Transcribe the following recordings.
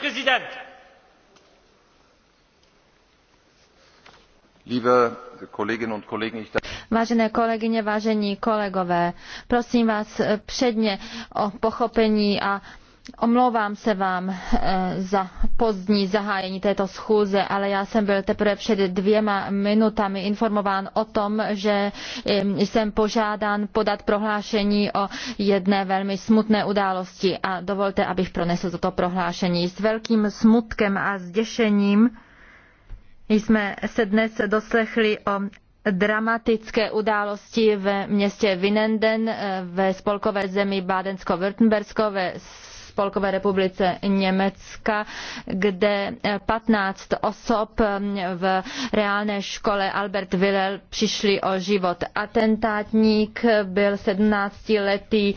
Präsident! Vážené kolegyně, vážení kolegové, prosím vás eh, předně o pochopení a Omlouvám se vám eh, za pozdní zahájení této schůze, ale já jsem byl teprve před dvěma minutami informován o tom, že jsem požádán podat prohlášení o jedné velmi smutné události a dovolte, abych pronesl toto prohlášení. S velkým smutkem a zděšením jsme se dnes doslechli o dramatické události ve městě Vinenden eh, ve spolkové zemi Bádensko-Württembersko ve Spolkové republice Německa, kde 15 osob v reálné škole Albert Willel přišli o život. Atentátník byl 17-letý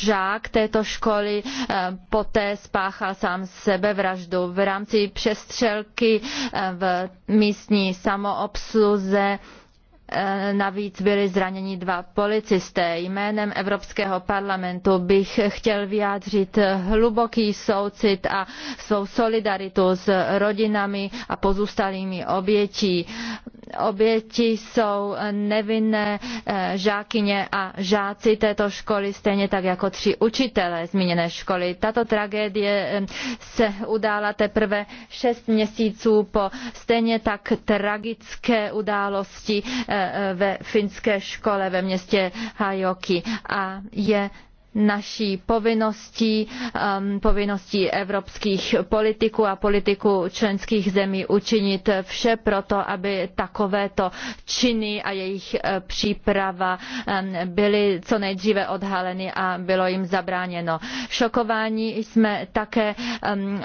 žák eh, této školy, eh, poté spáchal sám sebevraždu. V rámci přestřelky eh, v místní samoobsluze Eh, navíc byli zraněni dva policisté. Jménem Evropského parlamentu bych chtěl vyjádřit hluboký soucit a svou solidaritu s rodinami a pozůstalými obětí oběti jsou nevinné eh, žákyně a žáci této školy, stejně tak jako tři učitelé zmíněné školy. Tato tragédie eh, se udála teprve šest měsíců po stejně tak tragické události eh, ve finské škole ve městě Hajoki a je naší povinností, um, povinností evropských politiků a politiků členských zemí učinit vše pro to, aby takovéto činy a jejich eh, příprava byly co nejdříve odhaleny a bylo jim zabráněno. Šokováni jsme také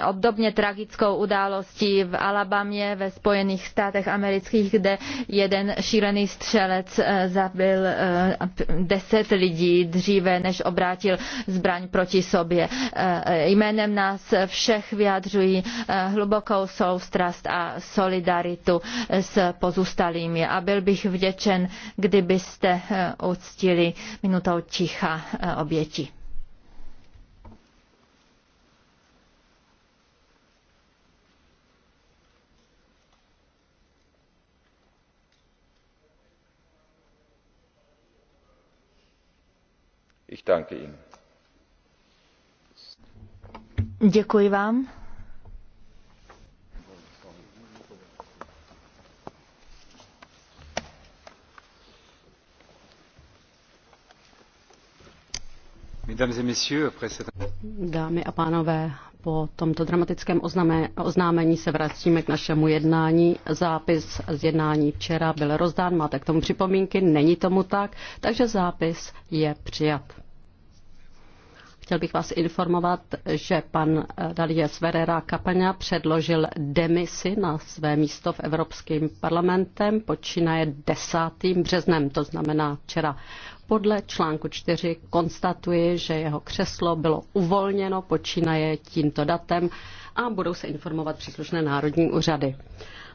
obdobně tragickou událostí v Alabamě ve Spojených státech amerických, kde jeden šílený střelec eh, zabil eh, deset lidí dříve, než obrátil obrátil zbraň proti sobě. E, jménem nás všech vyjadřují e, hlubokou soustrast a solidaritu s pozůstalými a byl bych vděčen, kdybyste e, uctili minutou ticha oběti. Ich danke Ihnen. Děkuji vám. Dámy a pánové, po tomto dramatickém oznámení se vracíme k našemu jednání. Zápis z jednání včera byl rozdán, máte k tomu připomínky, není tomu tak, takže zápis je přijat. Chtěl bych vás informovat, že pan eh, Dalies Verera Kapaňa předložil demisi na své místo v Evropském parlamentem, počínaje 10. březnem, to znamená včera. Podle článku 4 konstatuji, že jeho křeslo bylo uvolněno, počínaje tímto datem a budou se informovat příslušné národní úřady.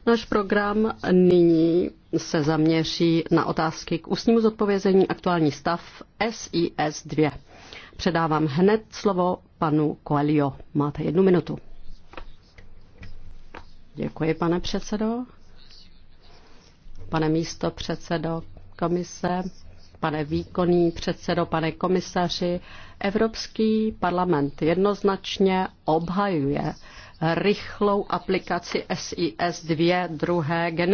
Náš program nyní se zaměří na otázky k ústnímu zodpovězení aktuální stav SIS 2. Předávám hned slovo panu Coelho. Máte jednu minutu. Děkuji, pane předsedo. Pane místo předsedo komise, pane výkonný předsedo, pane komisaři, Evropský parlament jednoznačně obhajuje rychlou aplikaci SIS 2 druhé generace.